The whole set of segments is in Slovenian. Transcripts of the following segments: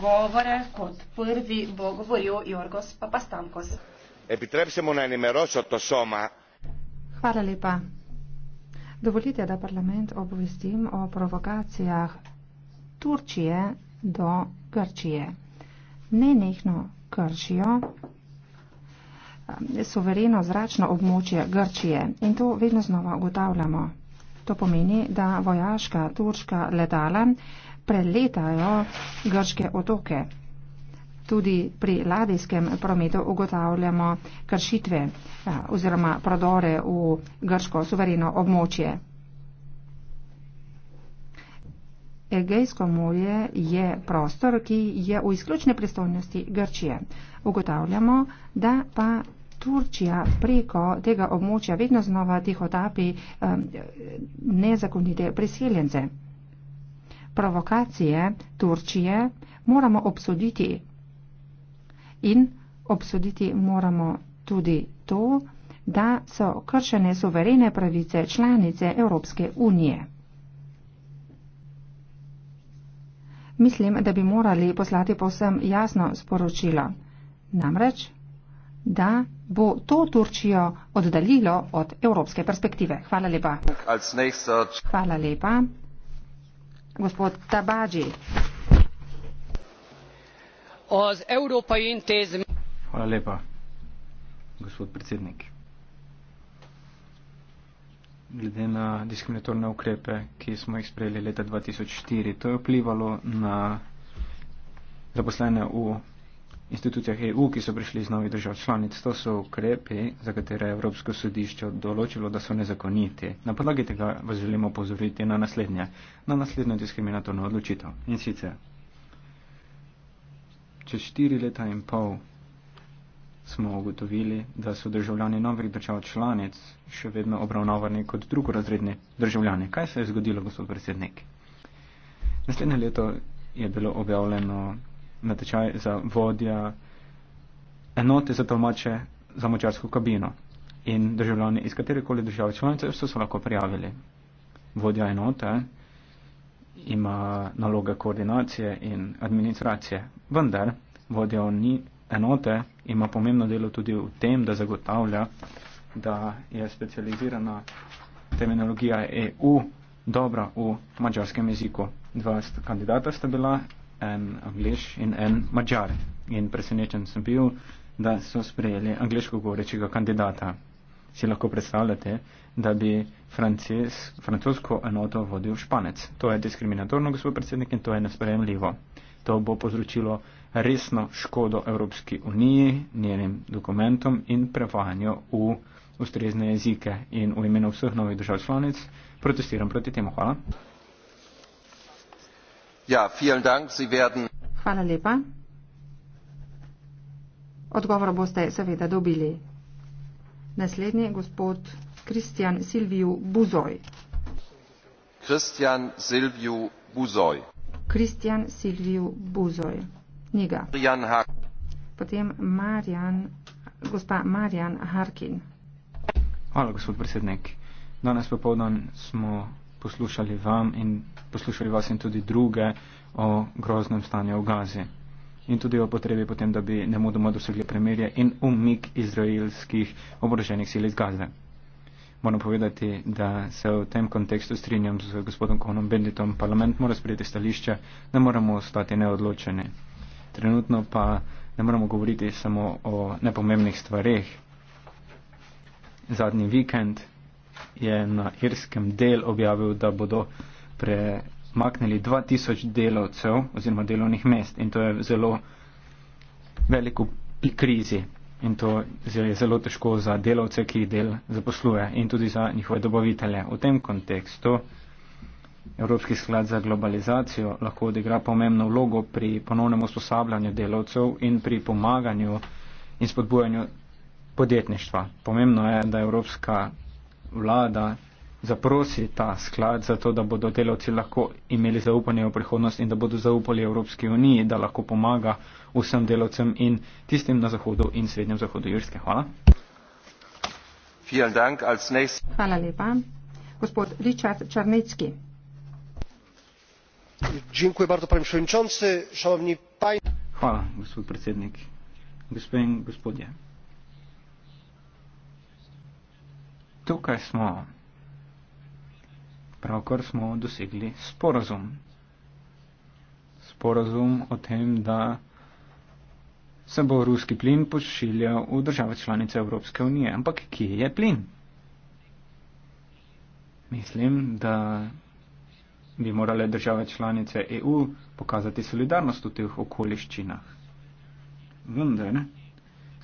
govore. Kot prvi bo govoril Jorgos Papastankos. Epitrepsimo na enimeroso to soma. Hvala lepa. Dovolite, da parlament obvestim o provokacijah Turčije do Grčije. Nenehno kršijo eh, suvereno zračno območje Grčije in to vedno znova ugotavljamo. To pomeni, da vojaška turška letala preletajo grške otoke. Tudi pri ladijskem prometu ugotavljamo kršitve eh, oziroma prodore v grško suvereno območje. Egejsko morje je prostor, ki je v izključne pristojnosti Grčije. Ugotavljamo, da pa Turčija preko tega območja vedno znova tih otapi eh, nezakonite priseljence provokacije Turčije moramo obsoditi. In obsoditi moramo tudi to, da so kršene suverene pravice članice Evropske unije. Mislim, da bi morali poslati posem jasno sporočilo. Namreč, da bo to Turčijo oddaljilo od evropske perspektive. Hvala lepa. Hvala lepa gospod tabajdi az európai intézmény hvala lepa gospod predsednik glede na diskriminatorne ukrepe ki smo jih sprejeli leta 2004 to je vplivalo na zaposlene v institucijah EU, ki so prišli iz novih držav članic. To so ukrepe, za katere je Evropsko sodišče določilo, da so nezakoniti. Na podlagi tega vas želimo pozoriti na naslednje, na naslednjo diskriminatorno odločitev. In sicer, čez štiri leta in pol smo ugotovili, da so državljani novih držav članic še vedno obravnavani kot drugorazredni državljani. Kaj se je zgodilo, gospod predsednik? Naslednje leto je bilo objavljeno natečaj za vodja enote za tolmače za močarsko kabino in državljani iz katerekoli države članice so se lahko prijavili. Vodja enote ima naloge koordinacije in administracije, vendar vodja ni enote ima pomembno delo tudi v tem, da zagotavlja, da je specializirana terminologija EU dobra v mačarskem jeziku. Dva kandidata sta bila en Anglež in en Mačar. In presenečen sem bil, da so sprejeli angliško govorečega kandidata. Si lahko predstavljate, da bi francis, francosko enoto vodil španec. To je diskriminatorno, gospod predsednik, in to je nesprejemljivo. To bo povzročilo resno škodo Evropski uniji, njenim dokumentom in prevajanju v ustrezne jezike. In v imenu vseh novih držav članic protestiram proti temu. Hvala. Ja, vielen Dank, Sie werden. Hvala lepa. Odgovor boste seveda dobili. Naslednji je gospod Kristjan Silviu Buzoj. Kristjan Silviu Buzoj. Kristjan Silviu Buzoj. Njega. Marjan Potem Marjan, gospa Marjan Harkin. Hvala, gospod predsednik. Danes popovdan smo poslušali vam in poslušali vas in tudi druge o groznem stanju v Gazi in tudi o potrebi potem, da bi nemudoma dosegli premirje in umik izraelskih oboroženih sil iz Gaze. Moram povedati, da se v tem kontekstu strinjam z gospodom Konom Benditom. Parlament mora sprejeti stališče, da moramo ostati neodločeni. Trenutno pa ne moramo govoriti samo o nepomembnih stvareh. Zadnji vikend je na irskem del objavil, da bodo premaknili 2000 delovcev oziroma delovnih mest in to je zelo veliko pri krizi in to je zelo težko za delovce, ki del zaposluje in tudi za njihove dobavitelje. V tem kontekstu Evropski sklad za globalizacijo lahko odigra pomembno vlogo pri ponovnem usposabljanju delovcev in pri pomaganju in spodbujanju podjetništva. Pomembno je, da Evropska vlada zaprosi ta sklad za to, da bodo delavci lahko imeli zaupanje v prihodnost in da bodo zaupali Evropski uniji, da lahko pomaga vsem delavcem in tistim na zahodu in srednjem zahodu Irske. Hvala. Hvala lepa. Gospod Richard Črnecki. Hvala, gospod predsednik. Gospe in gospodje. tukaj smo, pravkar smo dosegli sporazum. Sporazum o tem, da se bo ruski plin pošiljal v države članice Evropske unije. Ampak kje je plin? Mislim, da bi morale države članice EU pokazati solidarnost v teh okoliščinah. Vendar ne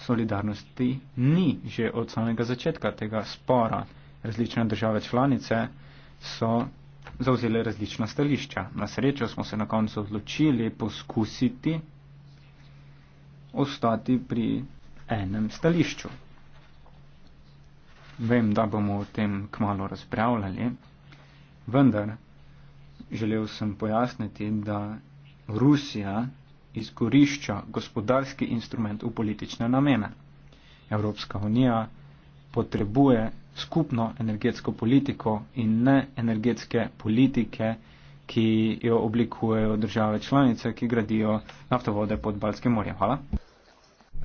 solidarnosti ni že od samega začetka tega spora. Različne države članice so zauzele različna stališča. Na srečo smo se na koncu odločili poskusiti ostati pri enem stališču. Vem, da bomo o tem kmalo razpravljali, vendar želel sem pojasniti, da Rusija izkorišča gospodarski instrument v politične namene. Evropska unija potrebuje skupno energetsko politiko in ne energetske politike, ki jo oblikujejo države članice, ki gradijo naftovode pod Balskim morjem. Hvala.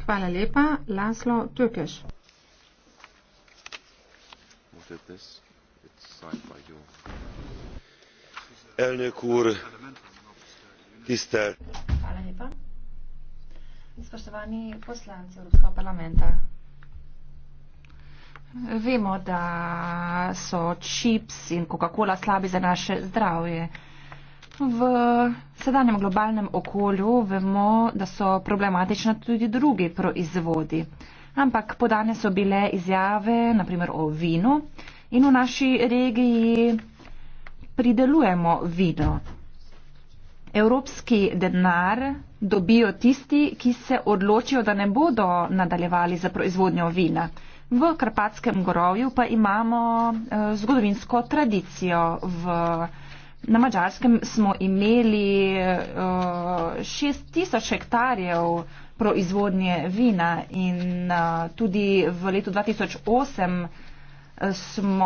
Hvala lepa. Laslo Tukeš. Elnök úr, tisztelt! Spoštovani poslanci Evropskega parlamenta. Vemo, da so čips in Coca-Cola slabi za naše zdravje. V sedanjem globalnem okolju vemo, da so problematična tudi drugi proizvodi. Ampak podane so bile izjave, naprimer o vinu, in v naši regiji pridelujemo vino evropski denar dobijo tisti, ki se odločijo, da ne bodo nadaljevali za proizvodnjo vina. V Karpatskem gorovju pa imamo eh, zgodovinsko tradicijo. V, na Mačarskem smo imeli 6000 eh, hektarjev proizvodnje vina in eh, tudi v letu 2008 smo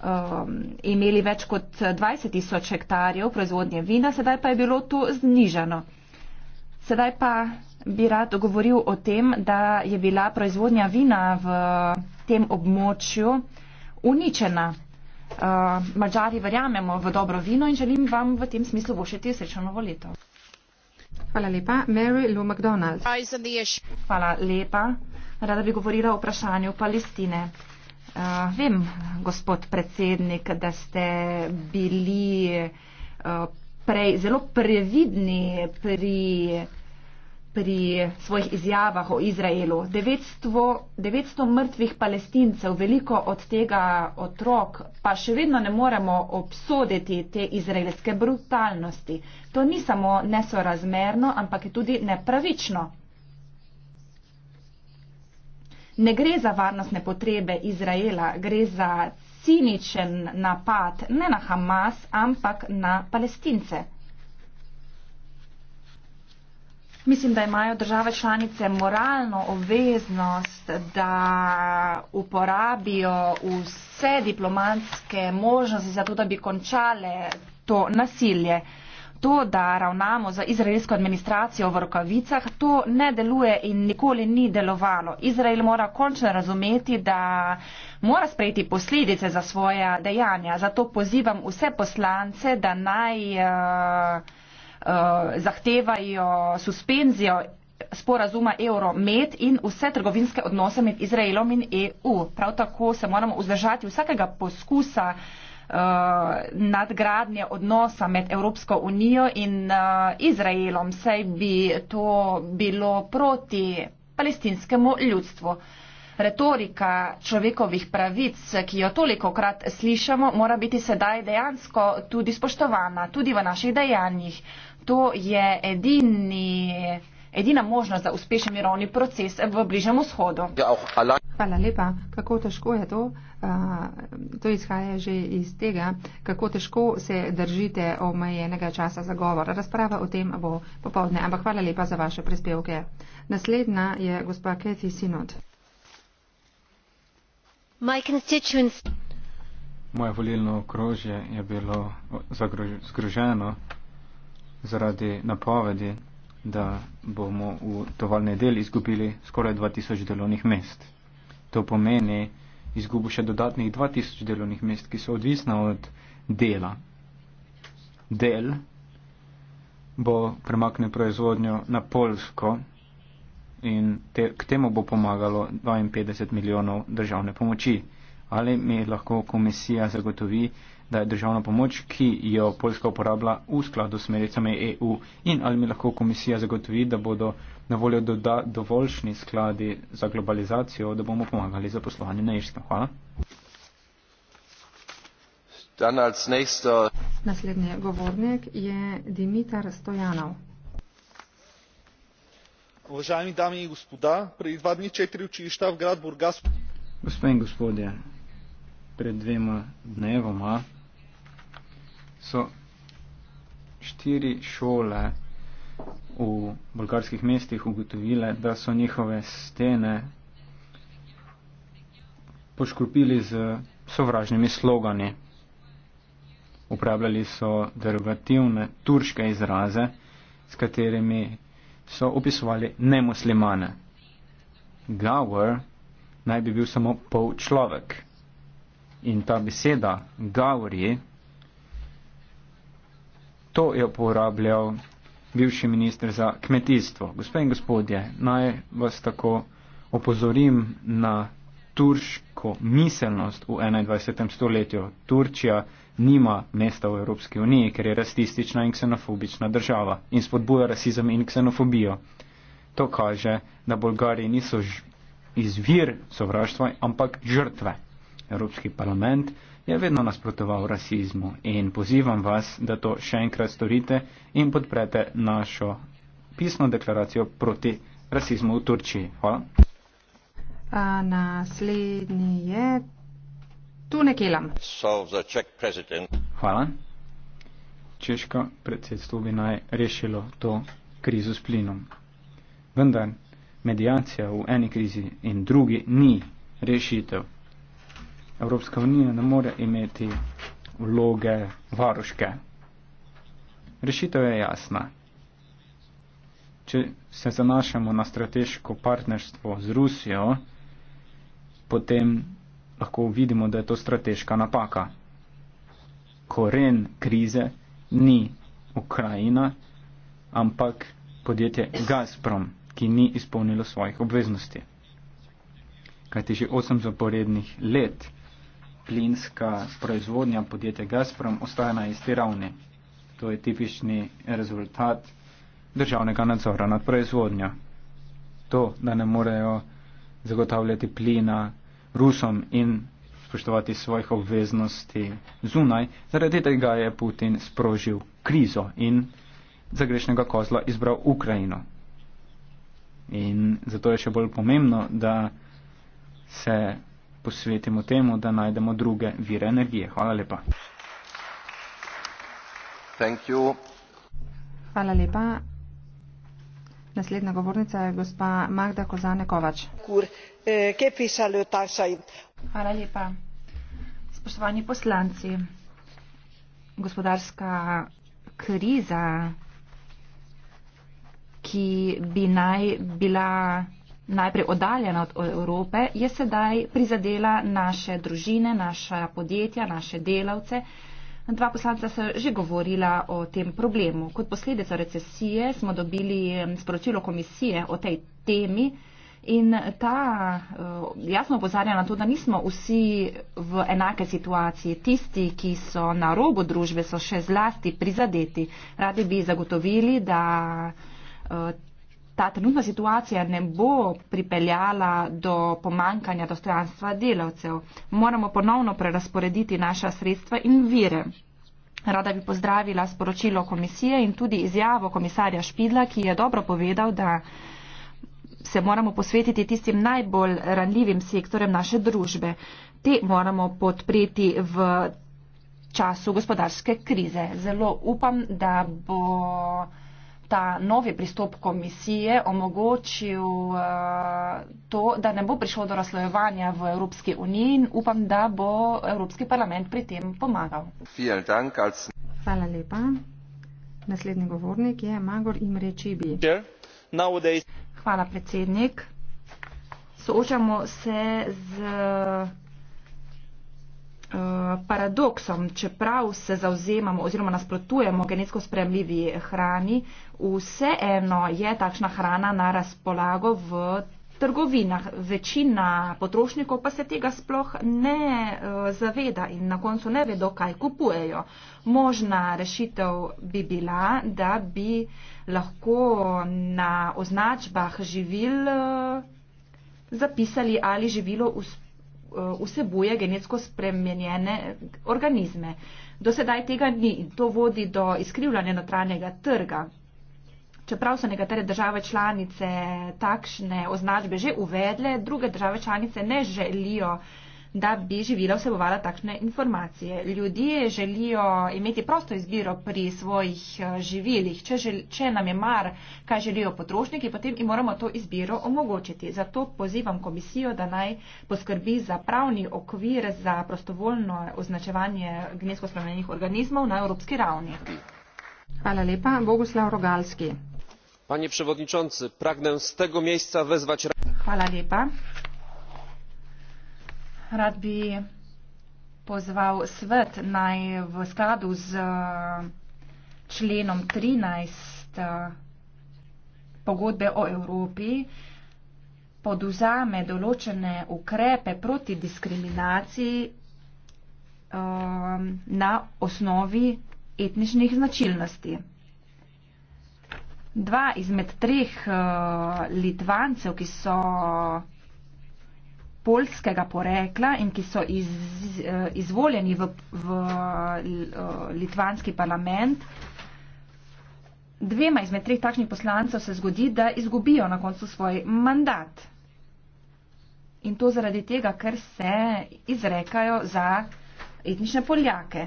um, imeli več kot 20 tisoč hektarjev proizvodnje vina, sedaj pa je bilo to znižano. Sedaj pa bi rad govoril o tem, da je bila proizvodnja vina v tem območju uničena. Uh, Mačari verjamemo v dobro vino in želim vam v tem smislu vošiti srečno novo leto. Hvala lepa, Mary Lou McDonald. Hvala lepa. Rada bi govorila o vprašanju Palestine. Uh, vem, gospod predsednik, da ste bili uh, prej, zelo previdni pri, pri svojih izjavah o Izraelu. 900, 900 mrtvih palestincev, veliko od tega otrok, pa še vedno ne moremo obsoditi te izraelske brutalnosti. To ni samo nesorazmerno, ampak je tudi nepravično ne gre za varnostne potrebe Izraela, gre za ciničen napad ne na Hamas, ampak na palestince. Mislim, da imajo države članice moralno obveznost, da uporabijo vse diplomatske možnosti za to, da bi končale to nasilje to, da ravnamo za izraelsko administracijo v rokavicah, to ne deluje in nikoli ni delovalo. Izrael mora končno razumeti, da mora sprejeti posledice za svoja dejanja. Zato pozivam vse poslance, da naj uh, uh, zahtevajo suspenzijo sporazuma Euromed in vse trgovinske odnose med Izraelom in EU. Prav tako se moramo vzdržati vsakega poskusa uh, uh, nadgradnje odnosa med Evropsko unijo in uh, Izraelom, saj bi to bilo proti palestinskemu ljudstvu. Retorika človekovih pravic, ki jo toliko krat slišamo, mora biti sedaj dejansko tudi spoštovana, tudi v naših dejanjih. To je edini edina možnost za uspešen mirovni proces v bližnem vzhodu. Ja, hvala lepa. Kako težko je to? Uh, to izhaja že iz tega, kako težko se držite omejenega časa za govor. Razprava o tem bo popovdne, ampak hvala lepa za vaše prispevke. Naslednja je gospa Kathy Sinod. Moje volilno okrožje je bilo zagroženo zaradi napovedi, da bomo v tovalni del izgubili skoraj 2000 delovnih mest. To pomeni izgubo še dodatnih 2000 delovnih mest, ki so odvisna od dela. Del bo premaknil proizvodnjo na Polsko in te, k temu bo pomagalo 52 milijonov državne pomoči. Ali mi lahko komisija zagotovi, da je državna pomoč, ki jo Poljska uporablja v skladu s smernicami EU in ali mi lahko komisija zagotovi, da bodo na voljo dovoljšni skladi za globalizacijo, da bomo pomagali za poslovanje na Irskem. Hvala. Naslednji govornik je Dimitar Stojanov. Uvažajni dami in gospoda, pred dva dni četiri učilišta v grad Burgas. Gospod in gospodje, pred dvema dnevoma so štiri šole v bolgarskih mestih ugotovile, da so njihove stene poškropili z sovražnimi slogani. Uporabljali so derogativne turške izraze, s katerimi so opisovali nemuslimane. Gower naj bi bil samo pol človek. In ta beseda, Gauri, To je uporabljal bivši minister za kmetijstvo. Gospe in gospodje, naj vas tako opozorim na turško miselnost v 21. stoletju. Turčija nima mesta v Evropski uniji, ker je rasistična in ksenofobična država in spodbuja rasizem in ksenofobijo. To kaže, da Bolgariji niso izvir sovraštva, ampak žrtve. Evropski parlament je vedno nasprotoval rasizmu in pozivam vas, da to še enkrat storite in podprete našo pisno deklaracijo proti rasizmu v Turčiji. Hvala. A naslednji je Tune Kelam. Hvala. Češko predsedstvo bi naj rešilo to krizo s plinom. Vendar medijacija v eni krizi in drugi ni rešitev. Evropska unija ne more imeti vloge varuške. Rešitev je jasna. Če se zanašamo na strateško partnerstvo z Rusijo, potem lahko vidimo, da je to strateška napaka. Koren krize ni Ukrajina, ampak podjetje Gazprom, ki ni izpolnilo svojih obveznosti. Kajti že osem zaporednih let plinska proizvodnja podjetja Gazprom ostaja na isti ravni. To je tipični rezultat državnega nadzora nad proizvodnjo. To, da ne morejo zagotavljati plina Rusom in spoštovati svojih obveznosti zunaj, zaradi tega je Putin sprožil krizo in za grešnega kozla izbral Ukrajino. In zato je še bolj pomembno, da se posvetimo temu, da najdemo druge vire energije. Hvala lepa. Thank you. Hvala lepa. Naslednja govornica je gospa Magda Kozane-Kovač. Eh, Hvala lepa. Spoštovani poslanci, gospodarska kriza, ki bi naj bila najprej oddaljena od Evrope, je sedaj prizadela naše družine, naša podjetja, naše delavce. Dva poslanca so že govorila o tem problemu. Kot posledica recesije smo dobili sporočilo komisije o tej temi in ta e, jasno opozarja na to, da nismo vsi v enake situacije. Tisti, ki so na robu družbe, so še zlasti prizadeti. Radi bi zagotovili, da e, ta trenutna situacija ne bo pripeljala do pomankanja dostojanstva delavcev. Moramo ponovno prerasporediti naša sredstva in vire. Rada bi pozdravila sporočilo komisije in tudi izjavo komisarja Špidla, ki je dobro povedal, da se moramo posvetiti tistim najbolj ranljivim sektorem naše družbe. Te moramo podpreti v času gospodarske krize. Zelo upam, da bo ta novi pristop komisije omogočil uh, to, da ne bo prišlo do razlojevanja v Evropski uniji in upam, da bo Evropski parlament pri tem pomagal. Hvala lepa. Naslednji govornik je Magor Imre Čibi. Hvala predsednik. Soočamo se z. Uh, Eh, paradoksom, čeprav se zauzemamo oziroma nasprotujemo genetsko spremljivi hrani, vseeno je takšna hrana na razpolago v trgovinah. Večina potrošnikov pa se tega sploh ne eh, zaveda in na koncu ne vedo, kaj kupujejo. Možna rešitev bi bila, da bi lahko na označbah živil eh, zapisali ali živilo uspešno Eh, vsebuje genetsko spremenjene organizme. Do sedaj tega ni in to vodi do izkrivljanja notranjega trga. Čeprav so nekatere države članice takšne označbe že uvedle, druge države članice ne želijo uh, da bi živila vsebovala takšne informacije. Ljudje želijo imeti prosto izbiro pri svojih eh, živilih. Če, žel, če nam je mar, kaj želijo potrošniki, potem jim moramo to izbiro omogočiti. Zato pozivam komisijo, da naj poskrbi za pravni okvir za prostovoljno označevanje gnesko spremenjenih organizmov na evropski ravni. Hvala lepa. Boguslav Rogalski. Panie przewodniczący, pragnę z tego miejsca wezwać. Hvala lepa rad bi pozval svet naj v skladu z eh, členom 13 eh, pogodbe o Evropi poduzame določene ukrepe proti diskriminaciji um, na osnovi etničnih značilnosti. Dva izmed treh uh, litvancev, ki so polskega porekla in ki so iz, izvoljeni v, v eh, litvanski parlament. Dvema izmed treh takšnih poslancev se zgodi, da izgubijo na koncu svoj mandat. In to zaradi tega, ker se izrekajo za etnične poljake.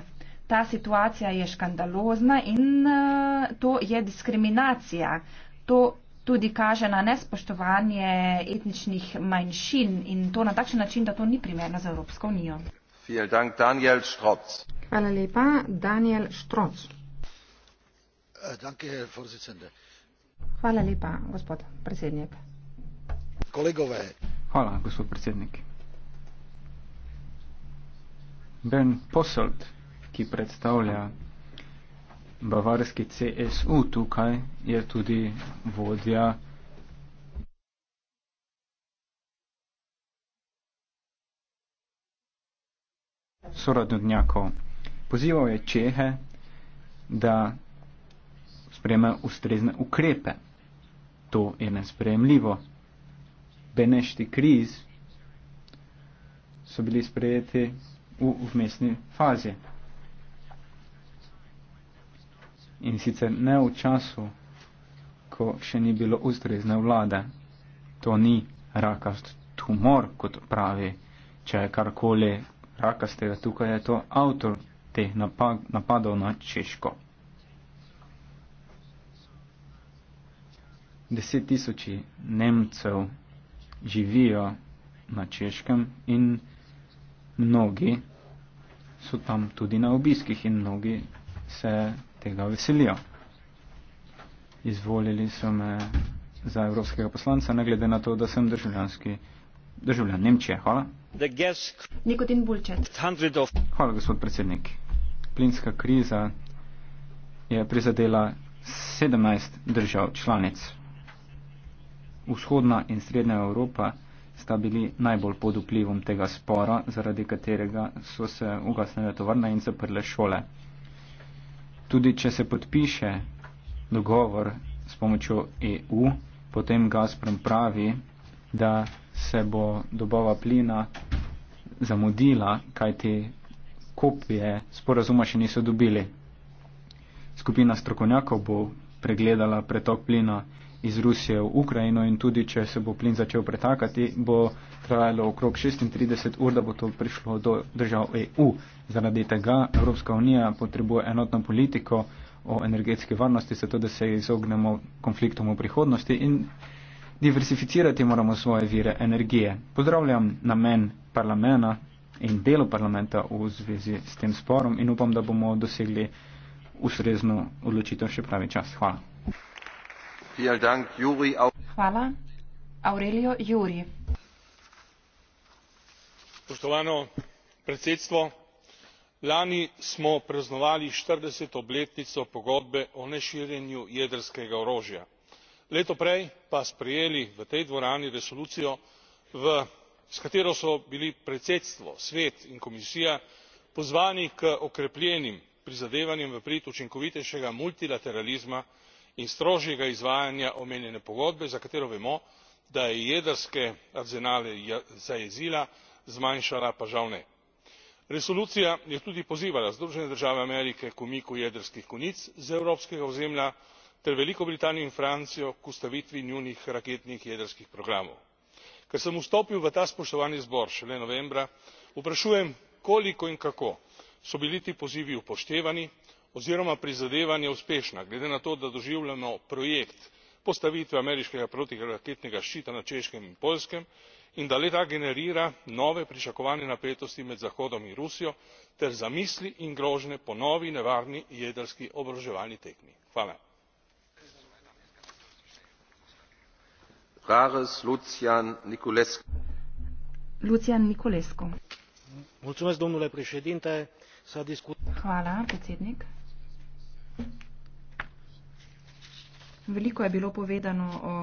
Ta situacija je škandalozna in eh, to je diskriminacija. To tudi kaže na nespoštovanje etničnih manjšin in to na takšen način, da to ni primerno za Evropsko unijo. Dank, Daniel Hvala lepa, Daniel Štroc. Eh, danke, Hvala lepa, gospod predsednik. Kolegove. Hvala, gospod predsednik. Ben Posselt, ki predstavlja bavarski CSU tukaj je tudi vodja. sorodnjakov. Pozival je Čehe, da spreme ustrezne ukrepe. To je nespremljivo. Benešti kriz so bili sprejeti v vmesni fazi. in sicer ne v času, ko še ni bilo ustrezne vlade. To ni rakast tumor, kot pravi, če je karkoli rakastega, tukaj je to avtor teh napad, napadov na Češko. Deset tisoči Nemcev živijo na Češkem in mnogi so tam tudi na obiskih in mnogi se tega veselijo. Izvolili so me za evropskega poslanca, ne glede na to, da sem državljanski državljan Nemčije. Hvala. Nikodin Bulčet. Hvala, gospod predsednik. Plinska kriza je prizadela 17 držav članic. Vzhodna in srednja Evropa sta bili najbolj pod vplivom tega spora, zaradi katerega so se ugasnile tovarne in zaprle šole. Tudi če se podpiše dogovor s pomočjo EU, potem Gazprom pravi, da se bo dobava plina zamudila, kajti kopije sporazuma še niso dobili. Skupina strokovnjakov bo pregledala pretok plina iz Rusije v Ukrajino in tudi, če se bo plin začel pretakati, bo trajalo okrog 36 ur, da bo to prišlo do držav EU. Zaradi tega Evropska unija potrebuje enotno politiko o energetski varnosti, zato da se izognemo konfliktom v prihodnosti in diversificirati moramo svoje vire energije. Pozdravljam namen parlamenta in delo parlamenta v zvezi s tem sporom in upam, da bomo dosegli ustrezno odločitev še pravi čas. Hvala. Hvala. Aurelio Juri. Spoštovano predsedstvo, lani smo praznovali 40. obletnico pogodbe o neširjenju jedrskega orožja. Leto prej pa sprejeli v tej dvorani resolucijo, v, s katero so bili predsedstvo, svet in komisija pozvani k okrepljenim prizadevanjem v prid učinkovitejšega multilateralizma in strožjega izvajanja omenjene pogodbe za katero vemo da je jedrske arzenale ja, zajezila zmanjšala pa žal ne. resolucija je tudi pozivala združene države amerike k umiku jedrskih konic z evropskega ozemlja ter veliko britanijo in francijo k ustavitvi njunih raketnih jedrskih programov. ker sem vstopil v ta spoštovani zbor šele novembra vprašujem koliko in kako so bili ti pozivi upoštevani oziroma prizadevanja uspešna glede na to da doživljamo projekt postavitve ameriškega protiraketnega ščita na češkem in poljskem in da le ta generira nove pričakovane napetosti med zahodom in rusijo ter zamisli in grožnje po novi nevarni jedrski oboroževalni tekmi. Veliko je bilo povedano o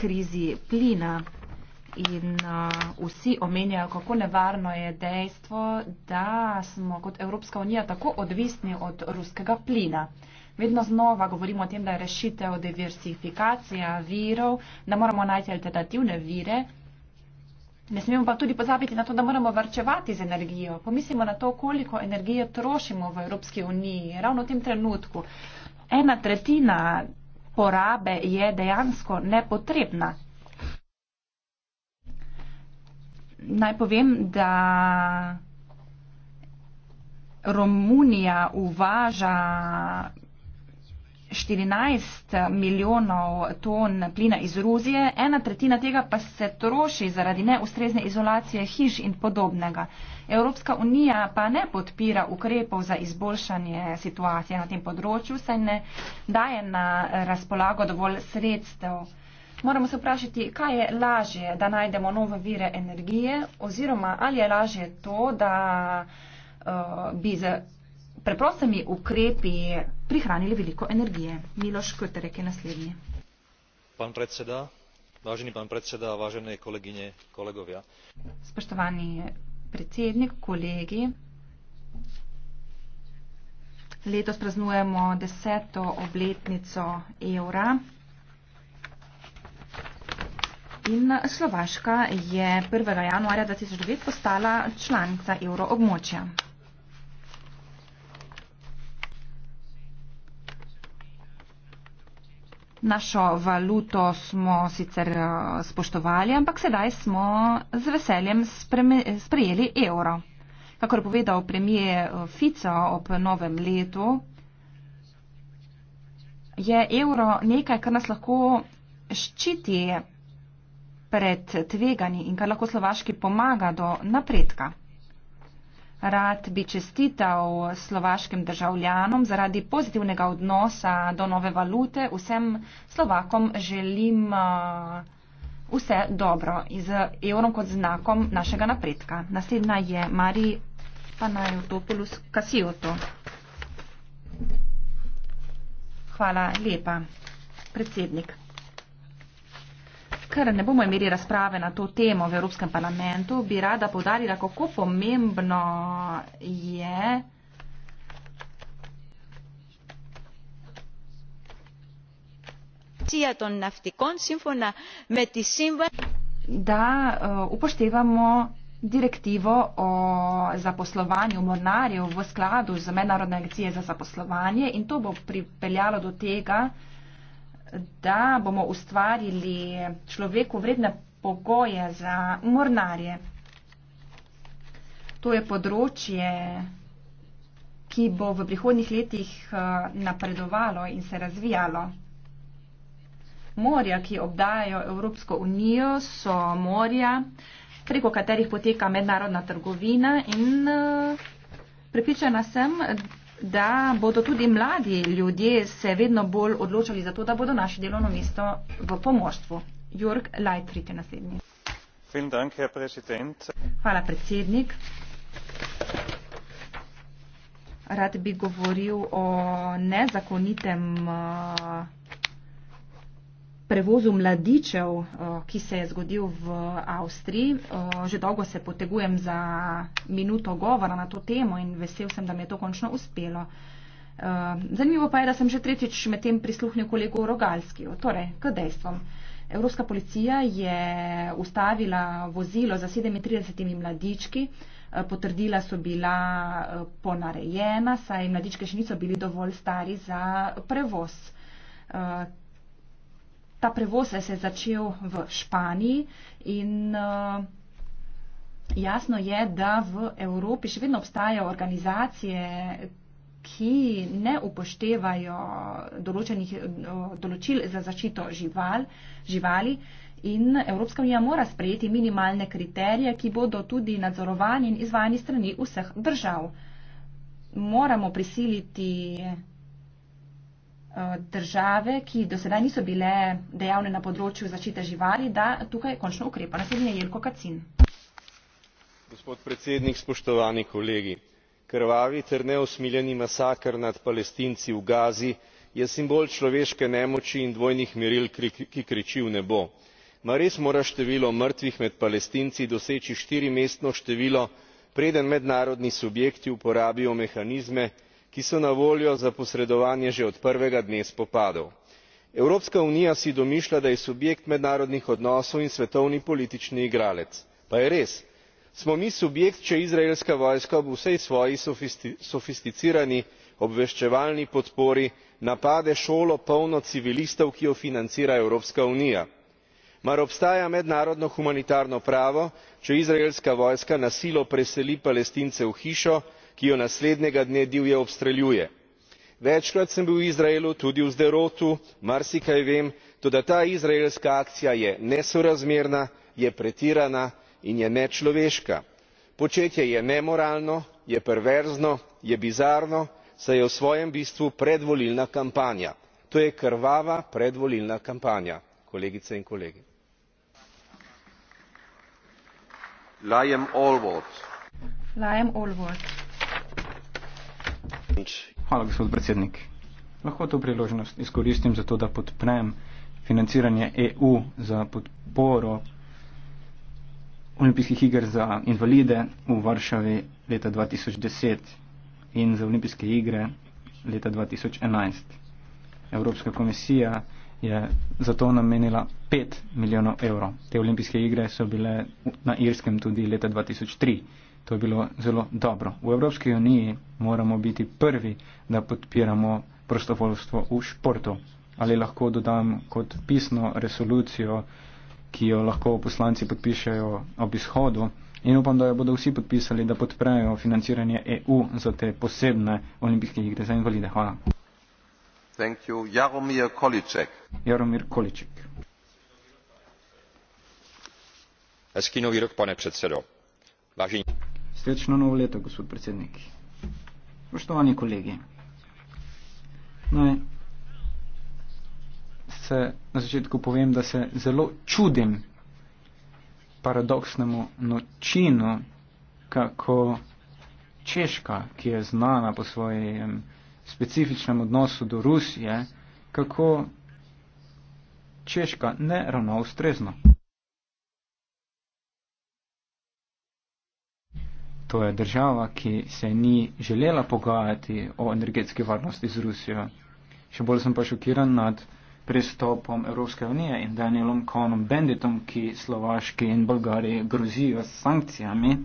krizi plina in uh, vsi omenjajo, kako nevarno je dejstvo, da smo kot Evropska unija tako odvisni od ruskega plina. Vedno znova govorimo o tem, da je rešitev diversifikacija virov, da moramo najti alternativne vire, Ne smemo pa tudi pozabiti na to, da moramo varčevati z energijo. Pomislimo na to, koliko energije trošimo v Evropski uniji ravno v tem trenutku. Ena tretjina porabe je dejansko nepotrebna. Naj povem, da Romunija uvaža 14 milijonov ton plina iz Ruzije, ena tretjina tega pa se troši zaradi neustrezne izolacije hiš in podobnega. Evropska unija pa ne podpira ukrepov za izboljšanje situacije na tem področju, saj ne daje na razpolago dovolj sredstev. Moramo se vprašati, kaj je lažje, da najdemo nove vire energije oziroma ali je lažje to, da uh, bi z preprostimi ukrepi prihranili veliko energije. Miloš Krterek je naslednji. Pan predseda, Važeni pan predseda, vážené kolegyne, kolegovia. Spoštovani predsednik, kolegi, letos praznujemo deseto obletnico evra in Slovaška je 1. januarja 2009 postala članica evroobmočja. območja. Našo valuto smo sicer eh, spoštovali, ampak sedaj smo z veseljem sprejeli evro. Kakor povedal premije eh, Fico ob novem letu, je evro nekaj, kar nas lahko ščiti pred tveganji in kar lahko Slovaški pomaga do napredka. Rad bi čestital slovaškim državljanom zaradi pozitivnega odnosa do nove valute. Vsem slovakom želim uh, vse dobro z evrom kot znakom našega napredka. Naslednja je Mari Panajotopoulos Kasijoto. Hvala lepa, predsednik. Ker ne bomo imeli razprave na to temo v Evropskem parlamentu, bi rada povdarila, kako pomembno je. Da eh, upoštevamo direktivo o zaposlovanju mornarjev v skladu z Mednarodne agencije za zaposlovanje in to bo pripeljalo do tega, da bomo ustvarili človeku vredne pogoje za mornarje. To je področje, ki bo v prihodnih letih eh, napredovalo in se razvijalo. Morja, ki obdajo Evropsko unijo, so morja, preko katerih poteka mednarodna trgovina in eh, pripričana sem, da bodo tudi mladi ljudje se vedno bolj odločali za to, da bodo naše delovno mesto v pomožstvu. Jörg Leitrit je naslednji. Dank, Hvala, predsednik. Rad bi govoril o nezakonitem. Uh, prevozu mladičev, eh, ki se je zgodil v Avstriji. Eh, že dolgo se potegujem za minuto govora na to temo in vesel sem, da mi je to končno uspelo. Eh, zanimivo pa je, da sem že tretjič med tem prisluhnil kolegu Rogalskiju. Torej, k dejstvom. Evropska policija je ustavila vozilo za 37 mladički, potrdila so bila ponarejena, saj mladičke še niso bili dovolj stari za prevoz ta prevoz se je začel v Španiji in eh, jasno je, da v Evropi še vedno obstajajo organizacije, ki ne upoštevajo določenih eh, določil za zaščito žival, živali in Evropska unija mora sprejeti minimalne kriterije, ki bodo tudi nadzorovani in izvajani strani vseh držav. Moramo prisiliti Eh, države, ki do sedaj niso bile dejavne na področju zaščite živali, da tukaj končno ukrepa. Naslednji je Jelko Kacin. Gospod predsednik, spoštovani kolegi. Krvavi ter neusmiljeni masakr nad palestinci v Gazi je simbol človeške nemoči in dvojnih meril, ki kriči v nebo. Ma res mora število mrtvih med palestinci doseči štirimestno število, preden mednarodni subjekti uporabijo mehanizme, ki so na voljo za posredovanje že od prvega dne spopadov. evropska unija si domišlja da je subjekt mednarodnih odnosov in svetovni politični igralec pa je res? smo mi subjekt če izraelska vojska ob vsej svoji sofisticirani obveščevalni podpori napade šolo polno civilistov ki jo financira evropska unija? mar obstaja mednarodno humanitarno pravo če izraelska vojska na silo preseli palestince v hišo ki jo naslednjega dne divje obstreljuje. večkrat sem bil v izraelu tudi v sderotu marsikaj vem toda ta izraelska akcija je nesorazmerna je pretirana in je nečloveška. početje je nemoralno je perverzno je bizarno saj je v svojem bistvu predvolilna kampanja. to je krvava predvolilna kampanja kolegice in kolegi. Nič. Hvala, gospod predsednik. Lahko to priložnost izkoristim za to, da podprem financiranje EU za podporo olimpijskih iger za invalide v Varšavi leta 2010 in za olimpijske igre leta 2011. Evropska komisija je za to namenila 5 milijonov evrov. Te olimpijske igre so bile na Irskem tudi leta 2003. To je bilo zelo dobro. V Evropski uniji moramo biti prvi, da podpiramo prostovoljstvo v športu. Ali lahko dodam kot pisno resolucijo, ki jo lahko poslanci podpišajo ob izhodu in upam, da jo bodo vsi podpisali, da podprejo financiranje EU za te posebne olimpijske igre za invalide. Hvala. Thank you. Jaromir Količek. Jaromir Količek. Hezký nový rok, pane předsedo. Vážení. Srečno novo leto, gospod predsednik. Poštovani kolegi, naj se na začetku povem, da se zelo čudim paradoksnemu načinu, kako Češka, ki je znana po svojem specifičnem odnosu do Rusije, kako Češka ne ravna ustrezno. To je država, ki se ni želela pogajati o energetski varnosti z Rusijo. Še bolj sem pa šokiran nad pristopom Evropske unije in Danielom Konom Benditom, ki Slovaški in Bolgariji grozijo s sankcijami,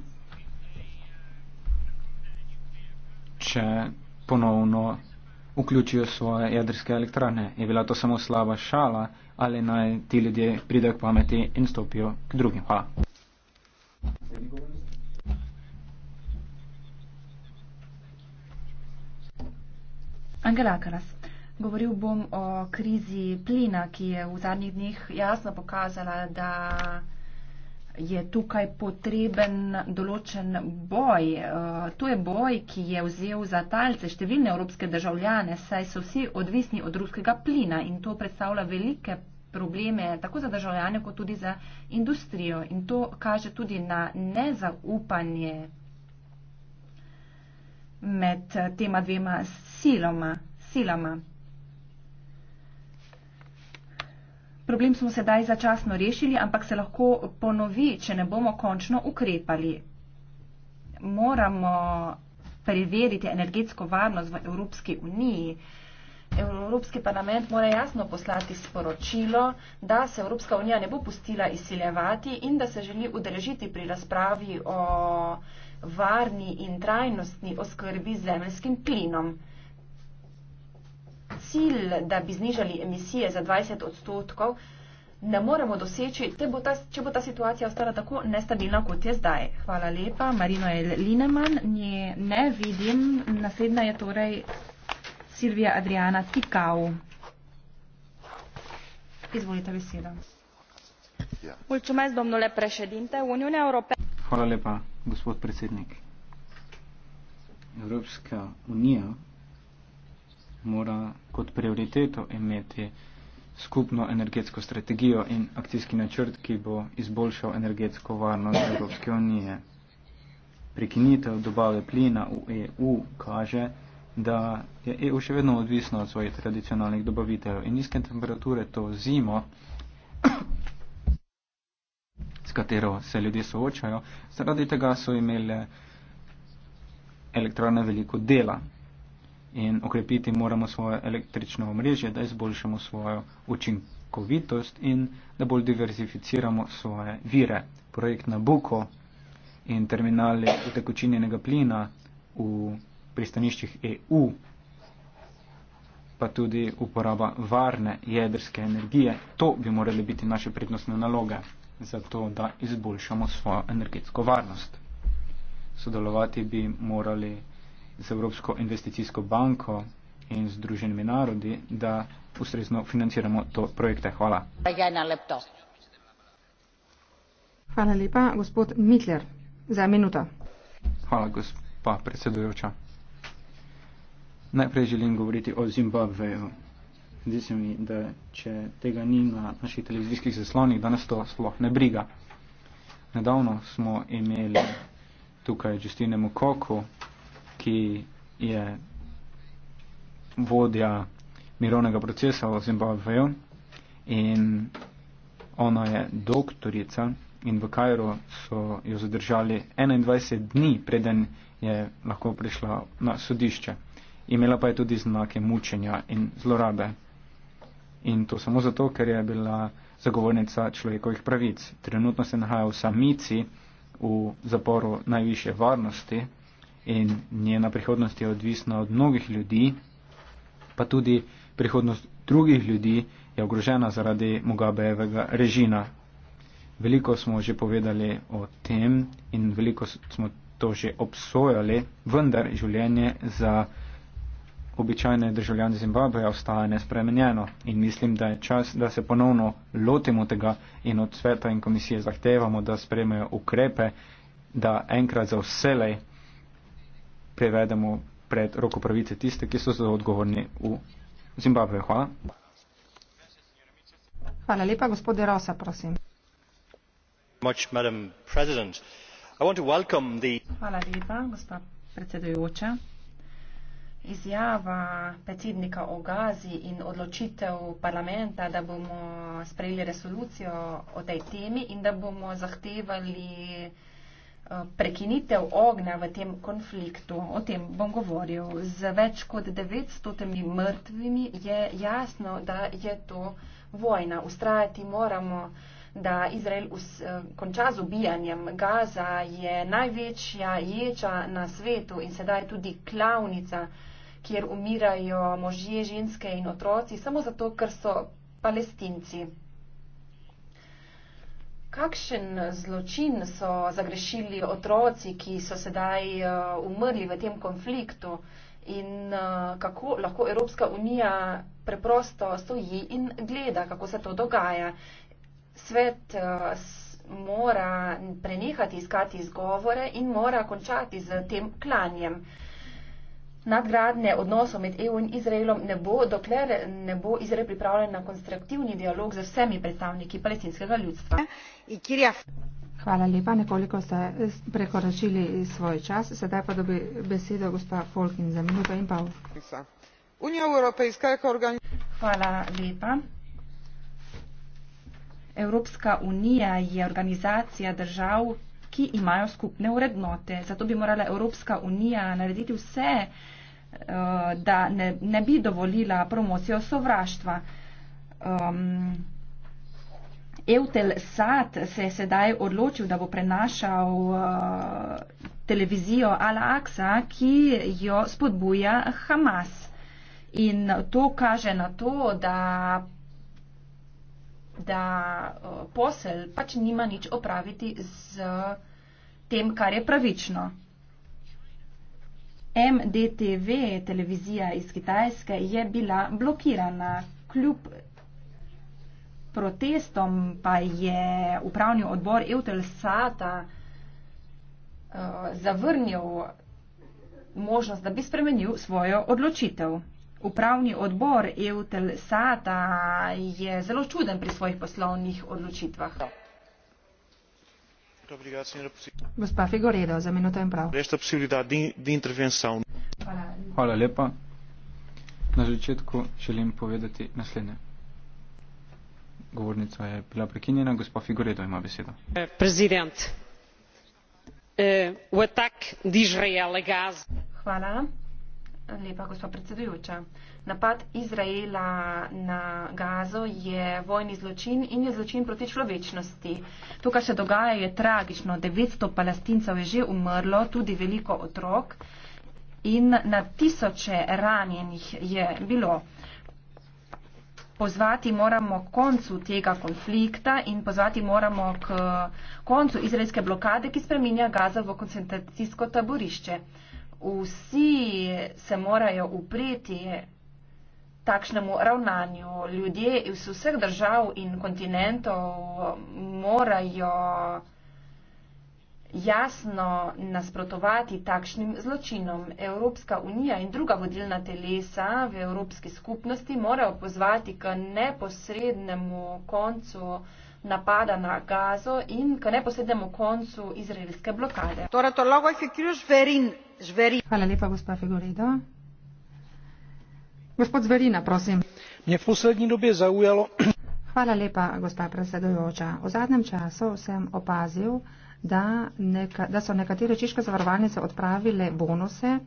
če ponovno vključijo svoje jedrske elektrane. Je bila to samo slaba šala ali naj ti ljudje pridejo k pameti in stopijo k drugim? Hvala. Angela Karas. Govoril bom o krizi plina, ki je v zadnjih dneh jasno pokazala, da je tukaj potreben določen boj. Eh, to je boj, ki je vzel za talce številne evropske državljane, saj so vsi odvisni od ruskega plina in to predstavlja velike probleme tako za državljane, kot tudi za industrijo. In to kaže tudi na nezaupanje med eh, tema dvema siloma, silama. Problem smo sedaj začasno rešili, ampak se lahko ponovi, če ne bomo končno ukrepali. Moramo preveriti energetsko varnost v Evropski uniji. Evropski parlament mora jasno poslati sporočilo, da se Evropska unija ne bo pustila izsiljevati in da se želi udeležiti pri razpravi o varni in trajnostni oskrbi z zemljskim plinom. Cilj, da bi znižali emisije za 20 odstotkov, ne moremo doseči, če bo, ta, če bo ta situacija ostala tako nestabilna, kot je zdaj. Hvala lepa, Marino Lineman, nje ne vidim. Naslednja je torej Silvija Adriana Tikau. Izvolite besedo. Ja. Mulțumesc, domnule președinte. Uniunea Europeană. Hvala lepa, gospod predsednik. Evropska unija mora kot prioriteto imeti skupno energetsko strategijo in akcijski načrt, ki bo izboljšal energetsko varnost Evropske unije. Prekinitev dobave plina v EU kaže, da je EU še vedno odvisna od svojih tradicionalnih dobavitev in nizke temperature to zimo s katero se ljudje soočajo, zaradi tega so imele elektrone veliko dela in okrepiti moramo svoje električno omrežje, da izboljšamo svojo učinkovitost in da bolj diverzificiramo svoje vire. Projekt Nabuko in terminali utekočinjenega plina v pristaniščih EU, pa tudi uporaba varne jedrske energije, to bi morali biti naše prednostne naloge zato da izboljšamo svojo energetsko varnost. Sodelovati bi morali z Evropsko investicijsko banko in Združenimi narodi, da ustrezno financiramo to projekte. Hvala. Hvala lepa, gospod Mitler. Za minuto. Hvala, gospa predsedujoča. Najprej želim govoriti o Zimbabveju zdi se mi, da če tega ni na naših televizijskih zaslonih, danes to sploh ne briga. Nedavno smo imeli tukaj Justine Mokoku, ki je vodja mirovnega procesa v Zimbabveju in ona je doktorica in v Kajru so jo zadržali 21 dni, preden je lahko prišla na sodišče. Imela pa je tudi znake mučenja in zlorabe in to samo zato, ker je bila zagovornica človekovih pravic. Trenutno se nahaja v samici v zaporu najviše varnosti in njena prihodnost je odvisna od mnogih ljudi, pa tudi prihodnost drugih ljudi je ogrožena zaradi Mugabejevega režima. Veliko smo že povedali o tem in veliko smo to že obsojali, vendar življenje za običajne državljane Zimbabveja ostaja nespremenjeno in mislim, da je čas, da se ponovno lotimo tega in od sveta in komisije zahtevamo, da spremejo ukrepe, da enkrat za vselej prevedemo pred roko pravice tiste, ki so za odgovorni v Zimbabveju. Hvala. Hvala lepa, gospode Rosa, prosim. Much, Hvala lepa, gospod predsedujoča. Izjava predsednika o Gazi in odločitev parlamenta, da bomo sprejeli resolucijo o tej temi in da bomo zahtevali eh, prekinitev ognja v tem konfliktu, o tem bom govoril. Z več kot 900 mrtvimi je jasno, da je to vojna. Ustrajati moramo da Izrael us, eh, konča z ubijanjem. Gaza je največja ječa na svetu in sedaj tudi klavnica, kjer umirajo možje, ženske in otroci, samo zato, ker so palestinci. Kakšen zločin so zagrešili otroci, ki so sedaj eh, umrli v tem konfliktu in eh, kako lahko Evropska unija preprosto stoji in gleda, kako se to dogaja svet eh, mora prenehati iskati izgovore in mora končati z tem klanjem. Nadgradne odnosov med EU in Izraelom ne bo, dokler ne bo Izrael pripravljen na konstruktivni dialog z vsemi predstavniki palestinskega ljudstva. Hvala lepa, nekoliko ste prekoračili svoj čas. Sedaj pa dobi besedo gospa Folkin za minuto in pol. Hvala lepa. Evropska unija je organizacija držav, ki imajo skupne urednote. Zato bi morala Evropska unija narediti vse, eh, da ne, ne bi dovolila promocijo sovraštva. Um, Eutel Sad se je sedaj odločil, da bo prenašal uh, televizijo Al-Aqsa, ki jo spodbuja Hamas. In to kaže na to, da da eh, posel pač nima nič opraviti z tem, kar je pravično. MDTV, televizija iz Kitajske, je bila blokirana. Kljub protestom pa je upravni odbor Eutelsata eh, zavrnil možnost, da bi spremenil svojo odločitev. Upravni odbor Eutelsata je zelo čuden pri svojih poslovnih odločitvah. Gospa Figoredo, za minuto in prav. Hvala. Hvala lepa. Na začetku želim povedati naslednje. Govornica je bila prekinjena, gospa Figoredo ima besedo. Eh, eh, Hvala lepa, gospod predsedujoča. Napad Izraela na Gazo je vojni zločin in je zločin proti človečnosti. To, kar se dogaja, je tragično. 900 palestincev je že umrlo, tudi veliko otrok in na tisoče ranjenih je bilo. Pozvati moramo k koncu tega konflikta in pozvati moramo k koncu izraelske blokade, ki spreminja Gaza v koncentracijsko taborišče vsi se morajo upreti takšnemu ravnanju. Ljudje iz vseh držav in kontinentov morajo jasno nasprotovati takšnim zločinom. Evropska unija in druga vodilna telesa v Evropski skupnosti morajo pozvati k neposrednemu koncu napada na Gazo in k neposrednemu koncu izraelske blokade. Hvala lepa, gospa Figoredo. Gospod Zverina, prosim. Mne v poslednji dobi zaujalo. Hvala lepa, gospa predsedujoča. V zadnjem času sem opazil, da, neka, da so nekatere češke zavarovalnice odpravile bonuse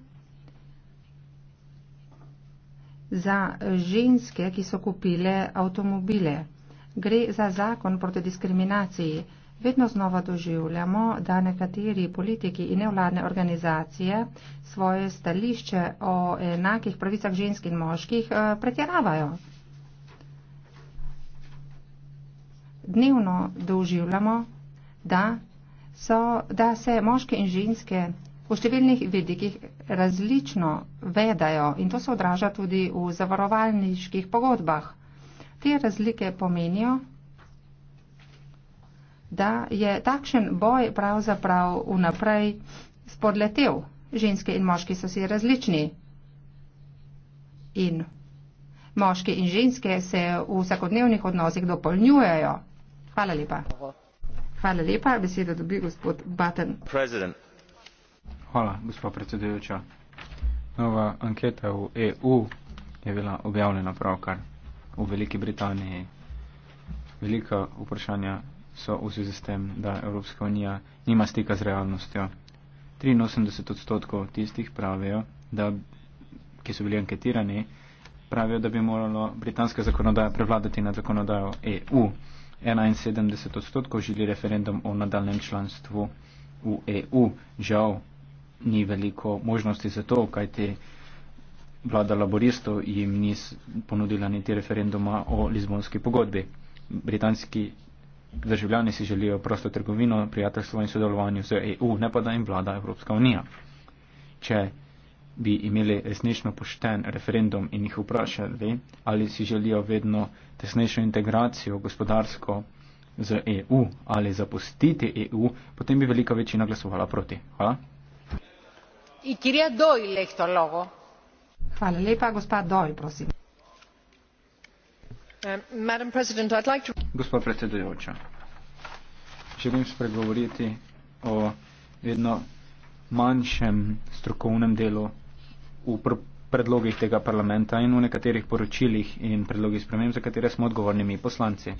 za ženske, ki so kupile avtomobile. Gre za zakon proti diskriminaciji. Vedno znova doživljamo, da nekateri politiki in nevladne organizacije svoje stališče o enakih pravicah žensk in moških eh, pretiravajo. Dnevno doživljamo, da, so, da se moške in ženske v številnih vidikih različno vedajo in to se odraža tudi v zavarovalniških pogodbah te razlike pomenijo, da je takšen boj pravzaprav vnaprej spodletel. Ženske in moški so si različni. In moški in ženske se v vsakodnevnih odnosih dopolnjujejo. Hvala lepa. Hvala lepa. Besedo dobi gospod Batten. President. Hvala, gospod predsedujoča. Nova anketa v EU je bila objavljena pravkar v Veliki Britaniji. Velika vprašanja so v zvezi s tem, da Evropska unija nima stika z realnostjo. 83 odstotkov tistih pravijo, da, ki so bili anketirani, pravijo, da bi moralo britanska zakonodaja prevladati nad zakonodajo EU. 71 odstotkov želi referendum o nadaljem članstvu v EU. Žal ni veliko možnosti za to, kajti vlada laboristov jim ni ponudila niti referenduma o Lizbonski pogodbi. Britanski državljani si želijo prosto trgovino, prijateljstvo in sodelovanje z EU, ne pa da jim vlada Evropska unija. Če bi imeli resnično pošten referendum in jih vprašali, ali si želijo vedno tesnejšo integracijo gospodarsko z EU ali zapustiti EU, potem bi velika večina glasovala proti. Hvala. In kirja doj lehto logo. Hvala lepa. Gospa Doj, prosim. Eh, Gospod predsedujoča, želim spregovoriti o vedno manjšem strokovnem delu v predlogih tega parlamenta in v nekaterih poročilih in predlogih sprememb, za katere smo odgovorni mi poslanci.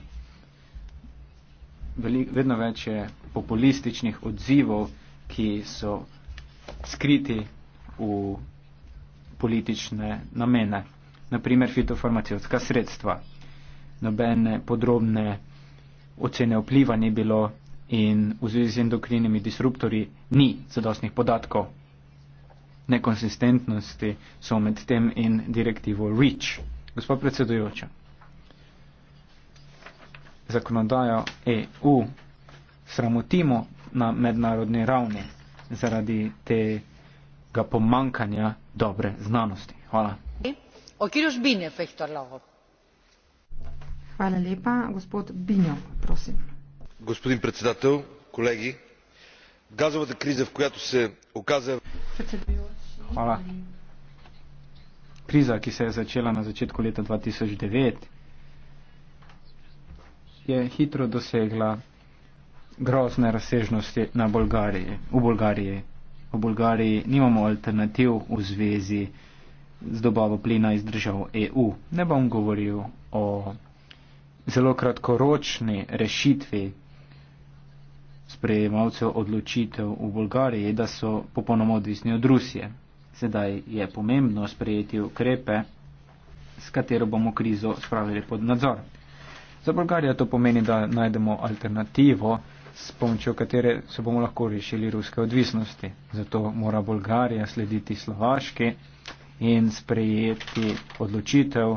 Velik, vedno več je populističnih odzivov, ki so skriti v politične namene, naprimer fitofarmacijska sredstva. Nobene podrobne ocene vpliva ni bilo in v zvezi z endokrinimi disruptori ni zadostnih podatkov. Nekonsistentnosti so med tem in direktivo REACH. Gospod predsedujoča, zakonodajo EU sramotimo na mednarodni ravni zaradi te velikega pomanjkanja dobre znanosti. hvala. gospodin predsjedatelj kolegi gazovodna kriza v kuvajtu se ukazuje. kriza ki se je začela na začetku leta dva tisoč devet je hitro dosegla grozne razsežnosti na bolgariji v bolgariji v Bolgariji nimamo alternativ v zvezi z dobavo plina iz držav EU. Ne bom govoril o zelo kratkoročni rešitvi sprejemalcev odločitev v Bolgariji, da so popolnoma odvisni od Rusije. Sedaj je pomembno sprejeti ukrepe, s katero bomo krizo spravili pod nadzor. Za Bolgarijo to pomeni, da najdemo alternativo s pomočjo katere se bomo lahko rešili ruske odvisnosti. Zato mora Bolgarija slediti Slovaški in sprejeti odločitev,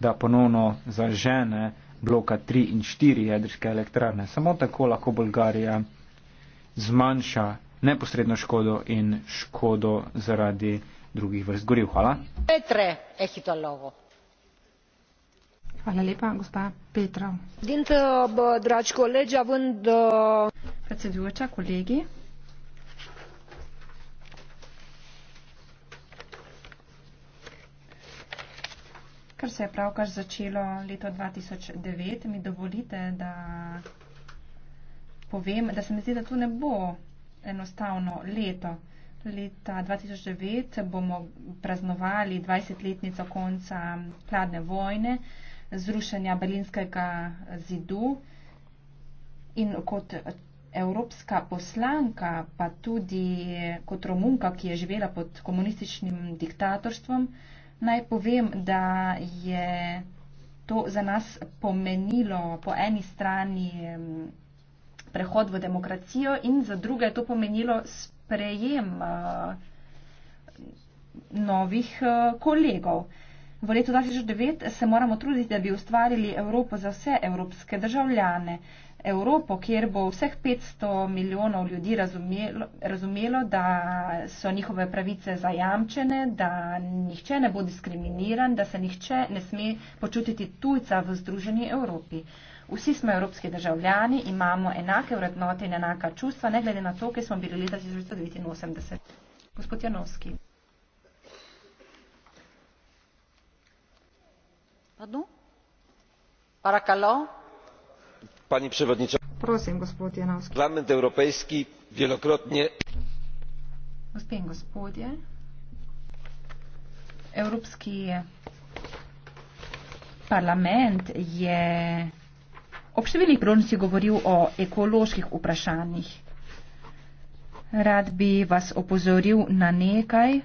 da ponovno zažene bloka 3 in 4 jedrske elektrarne. Samo tako lahko Bolgarija zmanjša neposredno škodo in škodo zaradi drugih vrst goriv. Hvala. Hvala lepa, gospa Petra. Gente, dragi kolegi, având... Uh, Predsedujoča, kolegi. Ker se je pravkar začelo leto 2009, mi dovolite, da povem, da se mi zdi, da tu ne bo enostavno leto. Leta 2009 bomo praznovali 20-letnico konca hladne vojne zrušenja berlinskega zidu in kot evropska poslanka, pa tudi kot romunka, ki je živela pod komunističnim diktatorstvom, naj povem, da je to za nas pomenilo po eni strani prehod v demokracijo in za druge je to pomenilo sprejem eh, novih eh, kolegov. V letu 2009 se moramo truditi, da bi ustvarili Evropo za vse evropske državljane. Evropo, kjer bo vseh 500 milijonov ljudi razumelo, razumelo, da so njihove pravice zajamčene, da nihče ne bo diskriminiran, da se nihče ne sme počutiti tujca v Združeni Evropi. Vsi smo evropski državljani, imamo enake vrednote in enaka čustva, ne glede na to, kje smo bili leta 1989. Gospod Janovski. pani przewodnicząca! parlament europejski wielokrotnie o številnih priložnostih govoril o ekoloških vprašanjih. Rad bi vas opozoril na nekaj,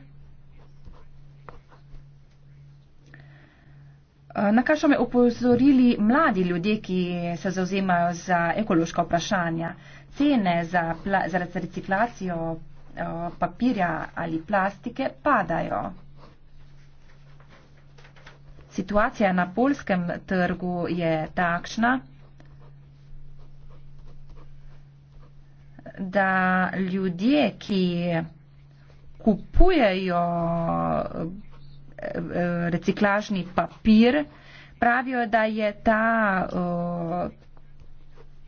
Eh, na kaj so me upozorili mladi ljudje, ki se zauzemajo za ekološka vprašanja? Cene za, za reciklacijo eh, papirja ali plastike padajo. Situacija na polskem trgu je takšna, da ljudje, ki kupujejo reciklažni papir. Pravijo, da je ta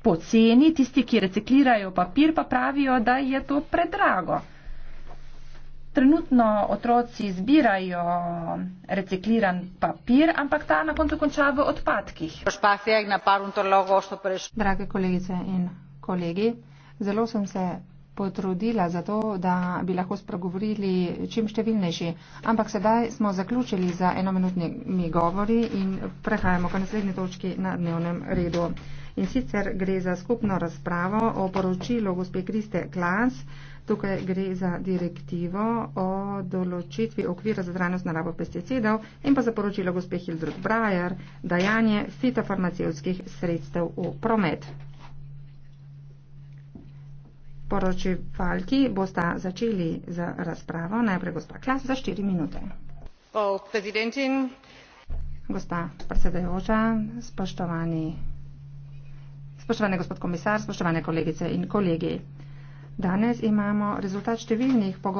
poceni, tisti, ki reciklirajo papir, pa pravijo, da je to predrago. Trenutno otroci zbirajo recikliran papir, ampak ta na koncu konča v odpadkih. Drage kolegice in kolegi, zelo sem se potrudila za to, da bi lahko spregovorili čim številnejši. Ampak sedaj smo zaključili za enominutnimi govori in prehajamo k naslednji točki na dnevnem redu. In sicer gre za skupno razpravo o poročilu gospe Kriste Klas. Tukaj gre za direktivo o določitvi okvira za trajnost narabo pesticidov in pa za poročilo gospe Hildred Brajer, dajanje fitofarmacijskih sredstev v promet poročevalki bosta začeli z razpravo najprej gospa klas za štiri minute gospa predsedujoča spoštovani spoštovani gospod komisar spoštovane kolegice in kolegi danes imamo rezultat številnih pogovorov